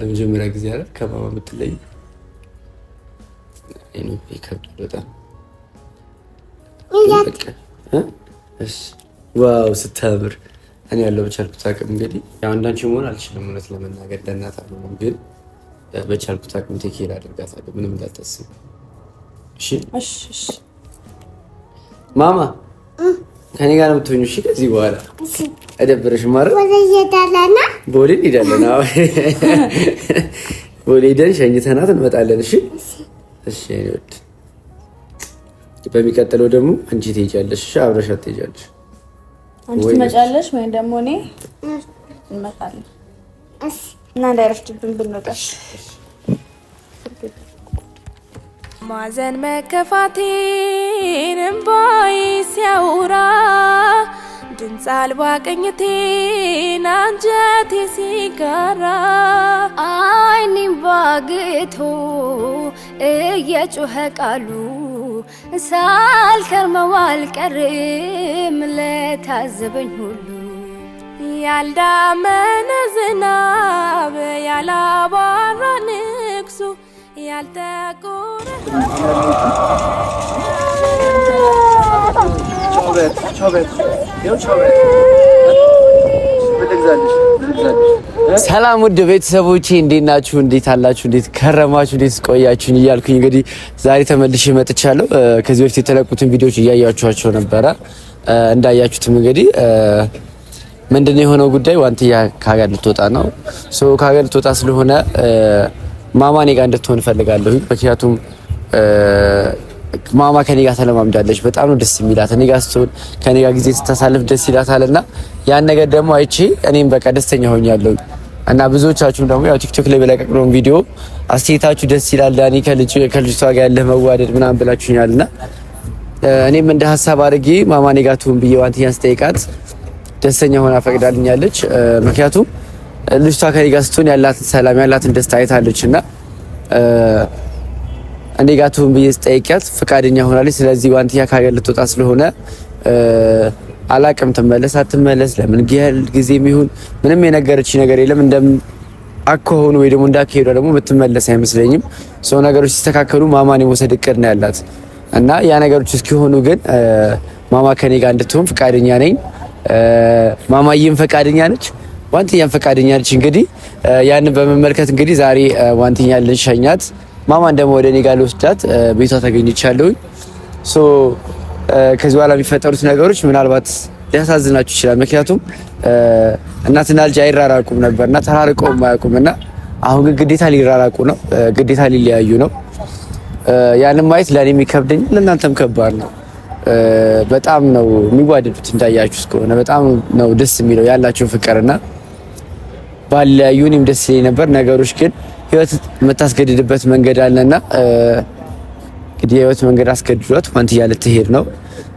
ለመጀመሪያ ጊዜ አይደል ከማማ ምትለይ ይከብዳል በጣም ዋው ስታምር እኔ ያለው በቻልኩት አቅም እንግዲህ አንዳንቺ መሆን አልችልም እውነት ለመናገር ለእናት አልሆነም ግን በቻልኩት አቅም ቴኬል አድርጋታለሁ ምንም እንዳታስብ ማማ ከኔ ጋር የምትሆኙ እሺ ከዚህ በኋላ አይደብርሽ ማር ቦሌ እንሄዳለን። ቦሌ ሄደን ሸኝተናት እንመጣለን። እሺ እሺ። በሚቀጥለው ደግሞ አንቺ ትሄጃለሽ፣ አብረሻት ትሄጃለሽ፣ አንቺ ትመጫለሽ ወይም ደግሞ እኔ እንመጣለን እና እንዳይረፍድብን ብንወጣ ማዘን መከፋቴን እምባዬ ሲያወራ ድምፅ አልባ ቅኝቴን አንጀቴ ሲጋራ አይኔም ባግቶ እየጮኸ ቃሉ ሳልከርመው አልቀርም ለታዘበኝ ሁሉ ያልዳመነ ዝናብ ያላባራ ንግሱ ያልጠቆረ ቾበት ቾበት ሰላም ውድ ቤተሰቦቼ እንዴት ናችሁ? እንዴት አላችሁ? እንዴት ከረማችሁ? እንዴት ቆያችሁኝ? እያልኩኝ እንግዲህ ዛሬ ተመልሼ መጥቻለሁ። ከዚህ በፊት የተለቁትን ቪዲዮዎች እያያችኋቸው ነበረ። እንዳያችሁትም እንግዲህ ምንድን የሆነው ጉዳይ ዋንትያ ከሀገር ልትወጣ ነው። ሶ ከሀገር ልትወጣ ስለሆነ ማማኔ ጋር እንድትሆን እፈልጋለሁ። ምክንያቱም ማማ ከኔ ጋር ተለማምዳለች። በጣም ነው ደስ የሚላት እኔ ጋር ስትሆን ከኔ ጋር ጊዜ ስታሳልፍ ደስ ይላታል። እና ያን ነገር ደግሞ አይቼ እኔም በቃ ደስተኛ ሆኛለሁ። እና ብዙዎቻችሁም ደግሞ ያው ቲክቶክ ላይ በለቀቅነው ቪዲዮ አስተያየታችሁ ደስ ይላል፣ ዳኒ ከልጅቷ ጋር ያለህ መዋደድ ምናምን ብላችሁኛልና እኔም እንደ ሀሳብ አድርጌ ማማ እኔ ጋር ትሁን ብዬ ዋንትኛ ስጠይቃት ደስተኛ ሆና ፈቅዳልኛለች። ምክንያቱም ልጅቷ ከኔ ጋር ስትሆን ያላትን ሰላም ያላትን ደስታ አይታለች እና እኔ ጋር ትሁን ብዬ ስጠይቂያት ፈቃደኛ ሆናለች። ስለዚህ ዋንትያ ከሀገር ልትወጣ ስለሆነ አላቅም ትመለስ አትመለስ ለምን ያህል ጊዜ ይሁን ምንም የነገረች ነገር የለም። እንደም አከሆኑ ወይ ደግሞ እንዳካሄዷ ደግሞ የምትመለስ አይመስለኝም። ሰው ነገሮች ሲስተካከሉ ማማን የመውሰድ እቅድ ነው ያላት እና ያ ነገሮች እስኪሆኑ ግን ማማ ከኔ ጋር እንድትሆን ፈቃደኛ ነኝ። ማማዬም ፈቃደኛ ነች፣ ዋንትያም ፈቃደኛ ነች። እንግዲህ ያንን በመመልከት እንግዲህ ዛሬ ዋንትያ ልንሸኛት ማማን ደግሞ ወደ እኔ ጋር ልወስዳት ቤቷ ተገኝቻለሁኝ። ሶ ከዚህ በኋላ የሚፈጠሩት ነገሮች ምናልባት ሊያሳዝናችሁ ይችላል። ምክንያቱም እናትና ልጅ አይራራቁም ነበር እና ተራርቀውም አያውቁም እና አሁን ግን ግዴታ ሊራራቁ ነው፣ ግዴታ ሊለያዩ ነው። ያንን ማየት ለእኔ የሚከብደኝ ለእናንተም ከባድ ነው። በጣም ነው የሚዋደዱት እንዳያችሁት ከሆነ በጣም ነው ደስ የሚለው ያላቸው ፍቅርና ባለያዩ እኔም ደስ ይለኝ ነበር ነገሮች ግን ህይወት የምታስገድድበት መንገድ አለና እንግዲህ የህይወት መንገድ አስገድዷት ዋንትያ ልትሄድ ነው።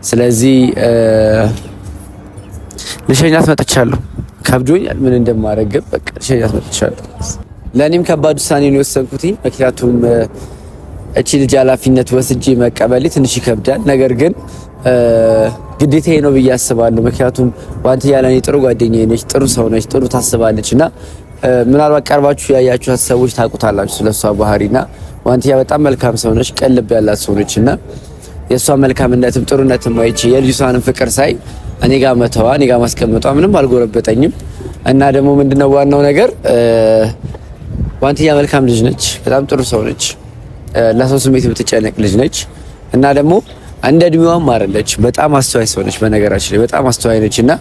ስለዚህ ልሸኛት መጥቻለሁ። ከብዶኛል። ምን እንደማደርግም በቃ ልሸኛት መጥቻለሁ። ለእኔም ከባድ ውሳኔ ነው የወሰንኩት። ምክንያቱም እቺ ልጅ ኃላፊነት ወስጄ መቀበሌ ትንሽ ይከብዳል። ነገር ግን ግዴታዬ ነው ብዬ አስባለሁ። ምክንያቱም ዋንትያ ለእኔ ጥሩ ጓደኛ ነች፣ ጥሩ ሰው ነች፣ ጥሩ ታስባለች እና ምናልባት ቀርባችሁ ያያችኋት ሰዎች ታውቁታላችሁ ስለሷ ባህሪና ዋንትያ በጣም መልካም ሰው ነች፣ ቀልብ ያላት ሰው ነች እና የእሷ መልካምነትም ጥሩነትም አይቼ የልጅሷንም ፍቅር ሳይ እኔ ጋር መተዋ እኔ ጋር ማስቀመጧ ምንም አልጎረበጠኝም። እና ደግሞ ምንድነው ዋናው ነገር ዋንትያ መልካም ልጅ ነች፣ በጣም ጥሩ ሰው ነች፣ ለሰው ስሜት የምትጨነቅ ልጅ ነች እና ደግሞ እንደ እድሜዋም አይደለች፣ በጣም አስተዋይ ሰው ነች። በነገራችን ላይ በጣም አስተዋይ ነች እና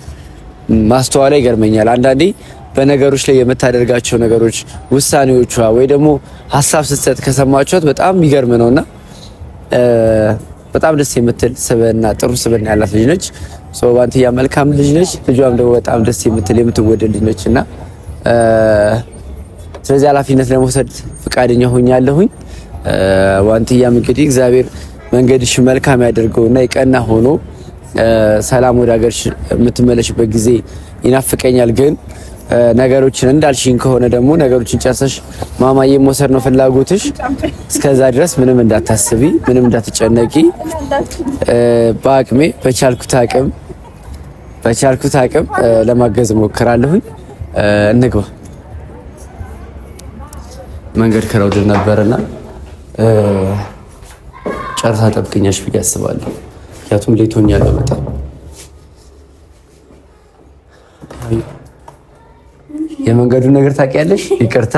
ማስተዋላ ይገርመኛል አንዳንዴ በነገሮች ላይ የምታደርጋቸው ነገሮች፣ ውሳኔዎቿ ወይ ደግሞ ሀሳብ ስትሰጥ ከሰማችኋት በጣም የሚገርም ነውና በጣም ደስ የምትል ስብዕና ጥሩ ስብዕና ያላት ልጅ ነች። ባንትያ መልካም ልጅ ነች። ልጇም ደግሞ በጣም ደስ የምትል የምትወደድ ልጅ ነች እና ስለዚህ ኃላፊነት ለመውሰድ ፈቃደኛ ሆኛለሁኝ። ባንትያም እንግዲህ እግዚአብሔር መንገድሽ መልካም ያደርገውና የቀና ሆኖ ሰላም ወደ ሀገርሽ የምትመለሽበት ጊዜ ይናፍቀኛል ግን ነገሮችን እንዳልሽኝ ከሆነ ደግሞ ነገሮችን ጨርሰሽ ማማዬ መውሰድ ነው ፍላጎትሽ። እስከዛ ድረስ ምንም እንዳታስቢ፣ ምንም እንዳትጨነቂ። በአቅሜ በቻልኩት አቅም በቻልኩት አቅም ለማገዝ ሞክራለሁኝ። እንግባ። መንገድ ክረውድን ነበርና ጨርሳ ጠብቀኛሽ ብዬ አስባለሁ። ምክንያቱም ሌቶኛ ለመጣ የመንገዱ ነገር ታውቂያለሽ? ይቅርታ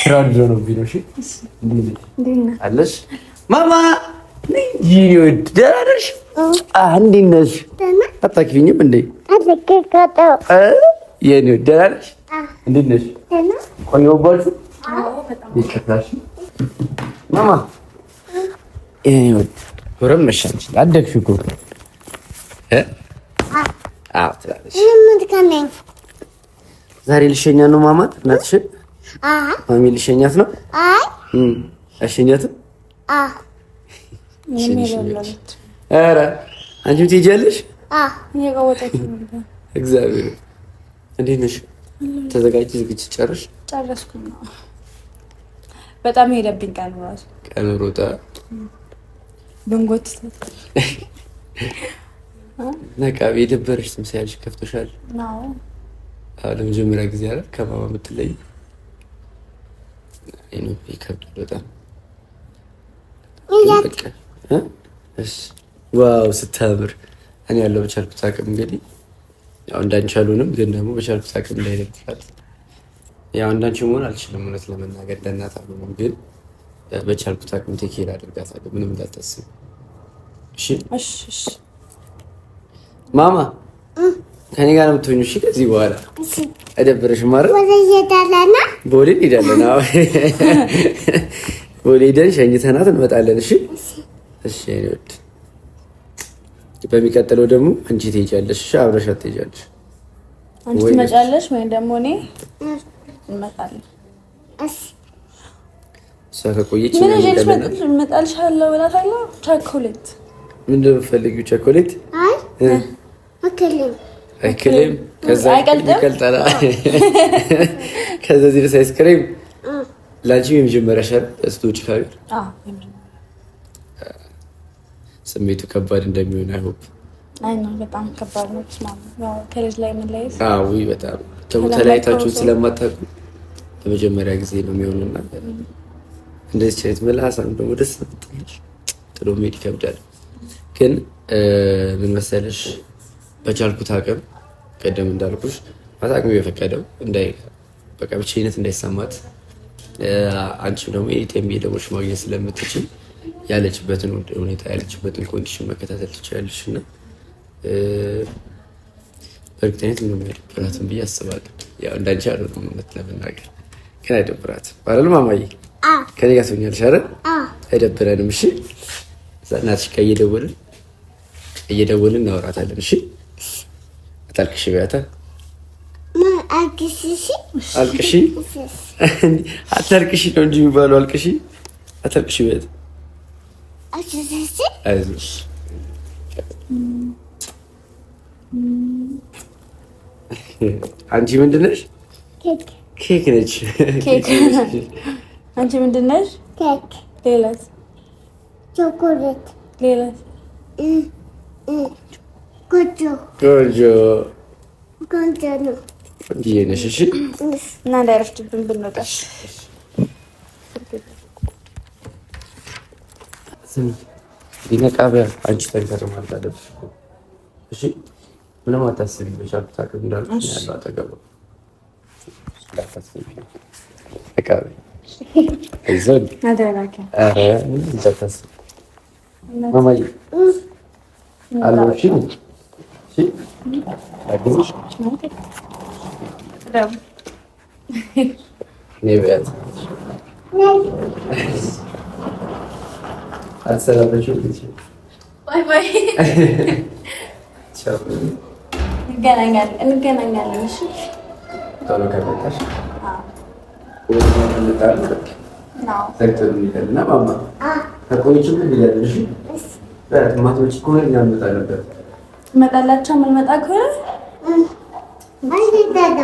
ስራ ነው ቢኖሽ አለሽ ማማ ይወድ ደህና ነሽ? እንዴት ነሽ? አታክፊኝም እንዴ? የኔ ወድ ደህና ነሽ? እንዴት ነሽ? ቆየሁባችሁ። ይቅርታሽ ማማ የኔ ወድ ወረም መሻች አደግሽ እኮ ዛሬ ልሸኛ ነው ማማ። እናትሽን ማሚ ልሸኛት ነው። አይ አይሸኛትም። ኧረ አንቺም ትሄጃለሽ። እግዚአብሔር እንዴት ነሽ? ተዘጋጅ። ዝግጅት ጨርሽ? ጨረስኩ። በጣም የሄደብኝ ቀን ራሱ ቀን ሮጣ ብንጎት ነቃ የደበረሽ ትምሳያለሽ። ከፍቶሻል ለመጀመሪያ ጊዜ አለ ከማማ የምትለይ ይከብድ በጣም ዋው ስታምር። እኔ ያለው በቻልኩት አቅም እንግዲህ ያው እንዳንቻሉንም ግን ደግሞ በቻልኩት አቅም እንዳይደግፋት ያው እንዳንቺ መሆን አልችልም፣ እውነት ለመናገር ለእናት አልሆነም፣ ግን በቻልኩት አቅም ቴኬል አድርጋታለሁ። ምንም እንዳታስብ እሺ ማማ ከኔ ጋር የምትሆኙ እሺ። ከዚህ በኋላ አደብረሽ ማረ ቦሌ እንሄዳለን። ቦሌ ሄደን ሸኝተናት እንመጣለን። እሺ፣ እሺ። በሚቀጥለው ደግሞ አንቺ ትሄጃለሽ፣ እሺ? አብረሻት ትሄጃለሽ፣ አንቺ ትመጫለሽ፣ ወይም ደግሞ እኔ እንመጣለን። እሷ ከቆየች እመጣልሻለሁ ብላታለሁ። ቸኮሌት ምንድን ነው የምትፈልጊው? ቸኮሌት አይክልም ከዛ ከዛ እዚህ ድረስ አይስክሬም የመጀመሪያ ሸር ስትወጪ ከቤት ስሜቱ ከባድ እንደሚሆን አይሆን በጣም ከባድ ነው። ከልጅ ላይ በጣም ተለያይታችሁን ስለማታውቁ ለመጀመሪያ ጊዜ ነው የሚሆንና እንደዚህ አይነት ምላሳም ደግሞ ደስ ጥሎ መሄድ ይከብዳል። ግን ምን መሰለሽ በቻልኩት አቅም ቀደም እንዳልኩሽ አቅሜ የፈቀደው እንዳይ በቃ ብቸኝነት እንዳይሰማት አንቺም ደግሞ የቴም የደቦች ማግኘት ስለምትችል ያለችበትን ሁኔታ ያለችበትን ኮንዲሽን መከታተል ትችላለች እና በእርግጠኝነት ምንም አይደብራትም ብዬ አስባለሁ። ያው እንዳንቺ አይደለም እውነት ለመናገር ግን አይደብራትም አይደል ማማዬ? ከኔ ጋር ትሆኛለሽ አይደል? አይደብረንም። እሺ እናትሽ ጋር እየደወልን እየደወልን እናወራታለን። እሺ አታልቅሽ ቢያተ አልቅሺ አታልቅሺ ነው እንጂ የሚባለው። አልቅሺ አታልቅሺ ቢያተ አይዞሽ አንቺ ምንድን ነሽ? ኬክ ነች። አንቺ ምንድን ነሽ? ኬክ። ሌላስ? ቾኮሌት። ሌላስ? ጎጆ ጎጆ ጎጆ ነው። ይሄንሽ እሺ። እና እንዳይረፍድብን ብንወጣ ይነቃበያ አንቺ ጠንከር ማለት አለብሽ እሺ። ምንም አታስቢ። በቻልኩት አቅም እንዳልኩሽ ያለው አጠገቡ እንዳታስቢ እንገናኛለን። ቶሎ ከመጣሽ እና ማማ ከቆይች ምን እሺ በት ከሆነ እኛ እንመጣ ነበር ትመጣላችሁ? የምንመጣ ከሆነ አይደለም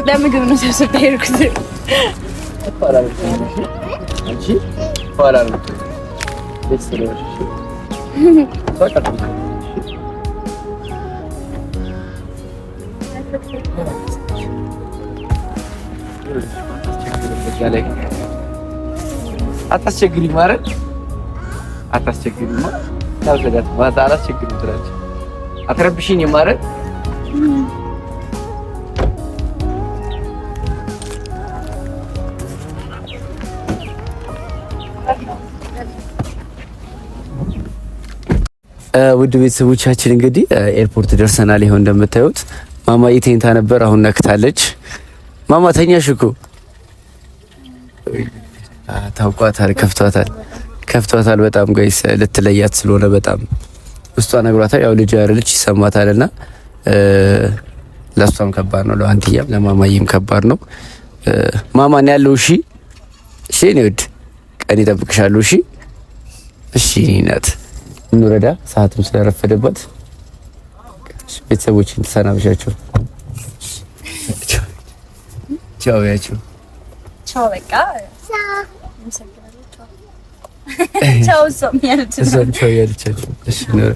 Ben mi hayır kudur. Parar Anci? Parar mı? Destere var. Bak artık. Gelek. Atas çekilin var. Atas çekilin var. Tabii ki. Bana da alas çekilin var. Atarım bir şey var. ውድ ቤተሰቦቻችን እንግዲህ ኤርፖርት ደርሰናል። ይኸው እንደምታዩት ማማ ኢቴንታ ነበር፣ አሁን ነክታለች። ማማ ተኛሽ እኮ ታውቋታል። ከፍቷታል፣ ከፍቷታል በጣም ጋይስ። ልትለያት ስለሆነ በጣም ውስጧ ነግሯታል። ያው ልጅ ያረልች ይሰማታልና ለእሷም ከባድ ነው፣ ለአንትያም ለማማዬም ከባድ ነው። ማማን ያለው እሺ፣ እሺ፣ እኔ ውድ ቀን ይጠብቅሻለሁ። እሺ፣ እሺ ናት እንረዳ። ሰዓትም ስለረፈደበት ቤተሰቦችን ተሰናብሻቸው። ቻው ያቸው። ቻው በቃ ቻው። ቻው ቻው ቻው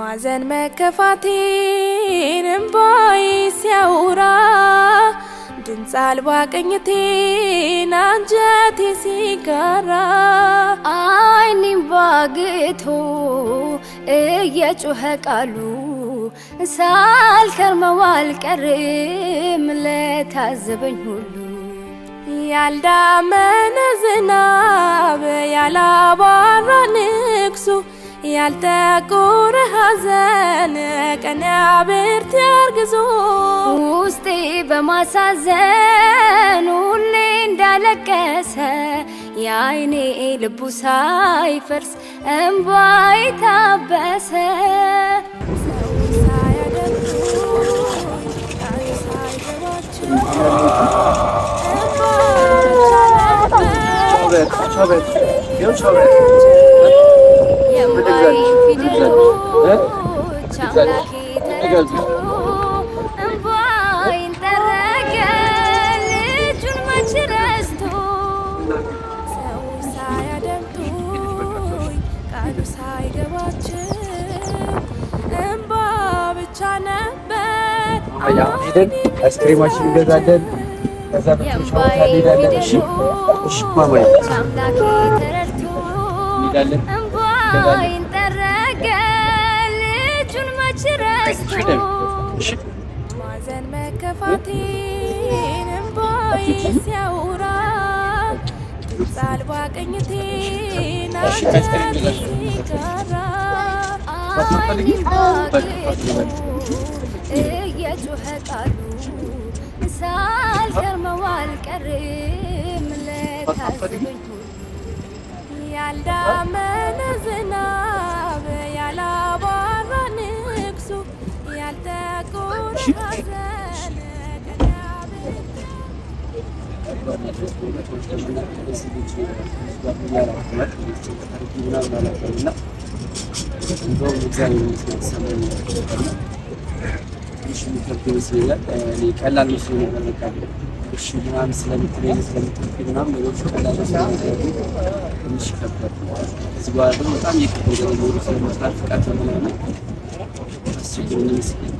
ማዘን መከፋቴን ባይ ሲያውራ ድምፅ አልባ ቅኝቴን አንጀቴ ሲጋራ አይኔም ባግቶ እየጮኸ ቃሉ ሳልከርመው አልቀርም ለታዘበኝ ሁሉ ያልዳመነ ዝናብ ያላባራ ንግሱ ያልጠቆረ ሐዘን ቀን ብርት ያርግዞ ውስጤ በማሳዘን ሁሌ እንዳለቀሰ የአይኔ ልቡ ሳይፈርስ እምባይ ታበሰ Ne güzel. Ne güzel. He? Ne güzel. Ne geldi? ayağımı gidin, eskrim aşırı gezendim. Gezendim, çabuk kendine ilerlemişim. Işıkmamayın. İlerlemişim. አይን ጠረገ ልጁን መች ረስቶ ማዘን መከፋቴን እምባዬ ሲያውራ ድምፅ አልባ ቅኝቴን አንተ ሲጋራ አይኔን ባጌጡ እየጮኸ ጣሉ ሳልገርመው አልቀርም ለታዝበዩ ያልዳመ ቀላል መስሎ ነበር። በቃ እሺ ምናምን ስለምትለኝ ስለምትልኝ ምናምን ነገሮች ቀላል መስሎ ትንሽ ከበር። ከዚህ በኋላ ደግሞ በጣም የቅብ ነገር ኖሩ ስለመስራት ፍቃድ ምናምን አስቸግሮኝ ይመስለኛል።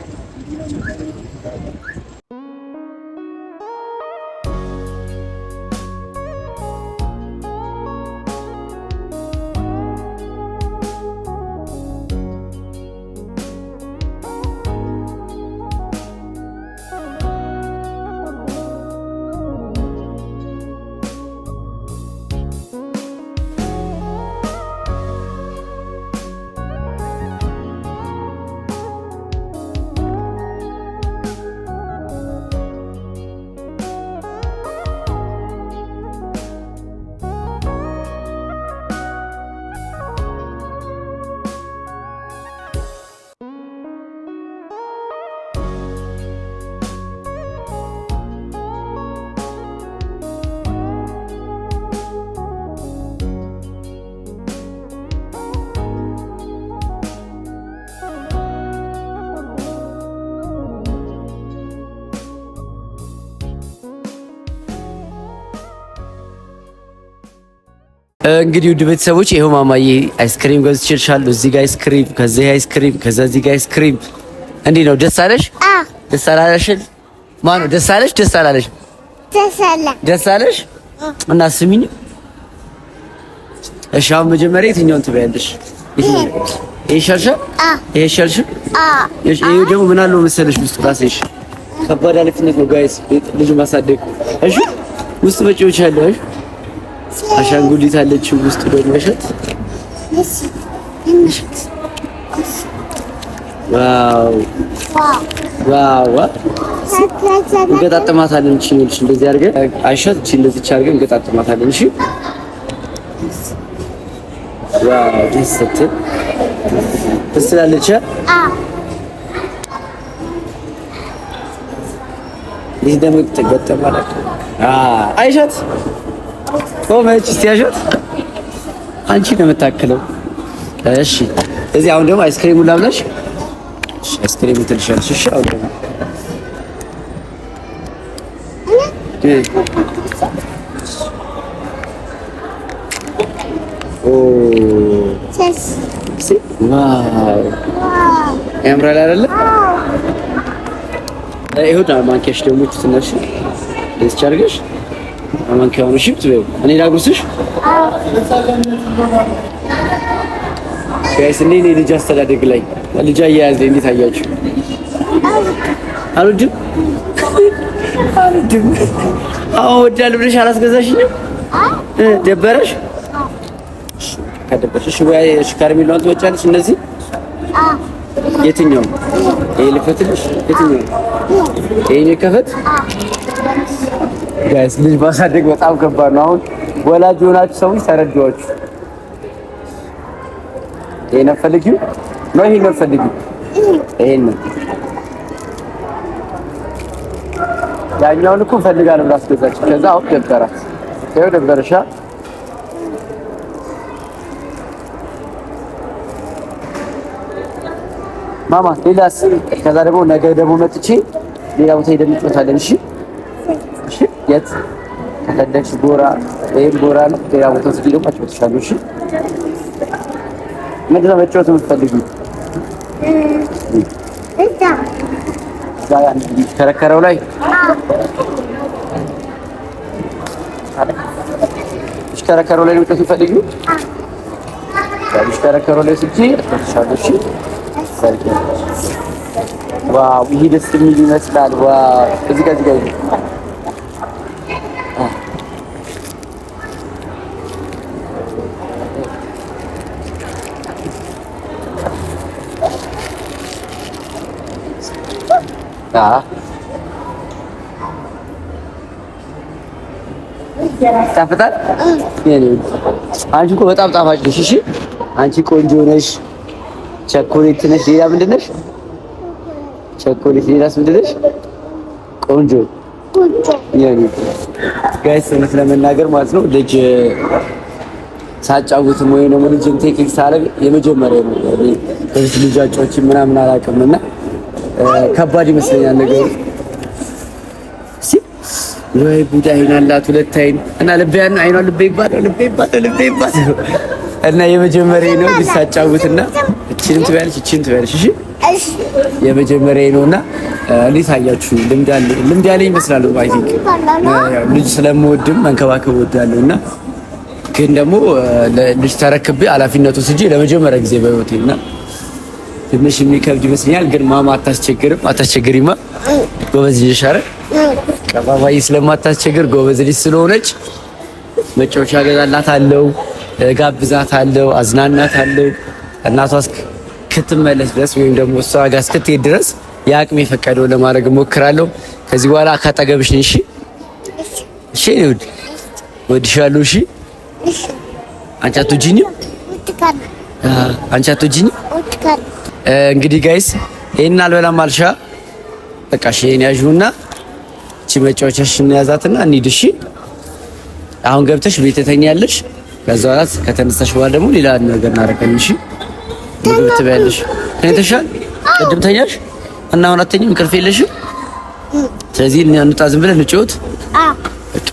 እንግዲህ ውድ ቤተሰቦች ይኸው ማማዬ አይስክሪም ገዝቼልሻለሁ። እዚህ ጋር አይስክሪም፣ ከዚህ አይስክሪም፣ ከዛ እዚህ ጋር አይስክሪም። እንዲህ ነው። ደስ አለሽ? ደስ አላለሽ? ማነው ደስ አለሽ? ደስ አላለሽ? ደስ አለሽ? እና ስሚኝ እሺ። አሁን መጀመሪያ የትኛውን ትበያለሽ? ይሄ ይሻልሻል? ይሄ ይሻልሻል? ይሄ ደግሞ ምን አለው መሰለሽ ውስጥ ራስሽ ከባድ ኃላፊነት ነው ጋይስ ልጅ ማሳደግ። እሺ ውስጥ መጪዎች አለሽ አሻንጉሊት አለች ውስጥ ደግሞ እሸት እሸት። ዋው ዋው! እንገጣጥማታለን። እቺ ነው እንደዚህ አድርገን አይሻት፣ እቺ እንደዚህ አድርገን እንገጣጥማታለን። እሺ ዋው! ደስ ስትል ደስ ትላለች። ይህ ደግሞ ተገጠማላት አይሻት ጾመች። እስቲያሽት አንቺ ነው የምታክለው። እሺ፣ እዚህ አሁን ደግሞ አይስክሪሙን ላብላሽ። እሺ፣ አይስክሪሙ ትልሻለሽ። እሺ፣ አሁን ደግሞ ያምራል አይደለ? ይሁዳ ማንኪያሽ ደግሞ ትነሽ ደስ አድርገሽ አማንካውን እሺ ብትበይው እኔ ላጉርስሽ። ጋይስ እንዴ ነው ልጅ አስተዳደግ ላይ ልጅ አያያዝ ላይ እንዴት አያችሁ? አልወድም አልወድም። አዎ ወዳል ብለሽ አላስገዛሽኝም። ደበረሽ? ከደበረሽ ወይ እሺ፣ ከረሜላውን ትወጫለሽ? እነዚህ የትኛው ይሄ ልክፈትልሽ? የትኛው ይሄ ከፈት ጋይስ ልጅ ማሳደግ በጣም ከባድ ነው። አሁን ወላጅ የሆናችሁ ሰዎች ተረዳችሁ። ይሄን ፈልጊው ነው፣ ይሄን ፈልጊው፣ ይሄን ያኛውን እኮ ፈልጋለሁ ብላ አስገዛችሁ። ከዛ አሁን ደበራት፣ ይኸው ደበረሻ። ማማ ሌላስ? ከዛ ደግሞ ነገ ደግሞ መጥቼ ሌላ ቦታ ሄደን እንጫወታለን። እሺ የት ከፈለግሽ ጎራ ወይም ጎራ ነው ሌላ ቦታ ውስጥ ሄደው አጭበትሻሉ። እሺ ምንድን ነው መጫወት የምትፈልጊው? ከረከረው ላይ ሽከረከረው ላይ ነው መጫወት የምትፈልጊው? ሽከረከረው ላይ ስጂ አጭበትሻሉ። እሺ ዋው ይሄ ደስ የሚል ይመስላል። ዋው እዚህ ጋር እዚህ ጋር ጣፍጣል። አንቺ እኮ በጣም ጣፋጭ ነሽ። እሺ አንቺ ቆንጆ ነሽ። ቸኮሌት ነሽ። ሌላ ምንድን ነሽ? ቸኮሌት። ሌላስ ምንድን ነሽ? ቆንጆ ጋይስ እውነት ለመናገር ማለት ነው ልጅ ሳጫውትም ወይም ደግሞ ልጅን ቴክኒክ ሳደርግ የመጀመሪያ ነው ልጅ ምናምን አላውቅም እና ከባድ ይመስለኛል ነገሩ። ወይ ጉድ! አይን አላት ሁለት አይን እና ልቤ ያን አይኗ ልቤ ይባላል ልቤ ይባላል ልቤ ይባላል እና የመጀመሪያ ነው ሊሳጫውትና እቺን ትበያለሽ እቺን ትበያለሽ። እሺ የመጀመሪያ ነውና እና እንዴት አያችሁ? ልምድ አለ ልምድ ያለ ይመስላል። አይ ቲንክ ልጅ ስለምወድም መንከባከብ እወዳለሁ ግን ደግሞ ልጅ ተረክቤ ኃላፊነቱ ስጄ ለመጀመሪያ ጊዜ በህይወቴ እና ትንሽ የሚከብድ ይመስለኛል፣ ግን ማማ አታስቸግርም። አታስቸግሪማ ጎበዝ ልጅ አረ ቀባባይ ስለማታስቸግር ጎበዝ ልጅ ስለሆነች መጫወቻ አለው አዝናናት አለው እናቷ እስክትመለስ ድረስ ወይም ደግሞ እሷ ጋር እስክትሄድ ድረስ የአቅሜ የፈቀደው ለማድረግ እሞክራለሁ። ከዚህ በኋላ ካጠገብሽ እሺ? እሺ ይሁድ ወድሻለሁ። እሺ አንቺ አትወጂኝም? አንቺ አትወጂኝም? እንግዲህ ጋይስ ይሄን አልበላም አልሻ በቃ ሽን ያዥውና እቺ መጫወቻሽን ያዛትና እንሂድ። እሺ አሁን ገብተሽ ቤት ተኛለሽ። ከዛ አላት ከተነሳሽ በኋላ ደግሞ ሌላ ነገር እናደርጋለን። እሺ ምግብ ትበያለሽ። ተኝተሻል? ቅድም ተኛሽ እና አሁን አትተኝም? እንቅልፍ የለሽም? ስለዚህ እንውጣ፣ ዝም ብለን እንጫወት።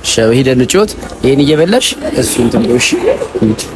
እሺ ሄደን እንጫወት። ይሄን እየበላሽ እሱን ትምጪ። እሺ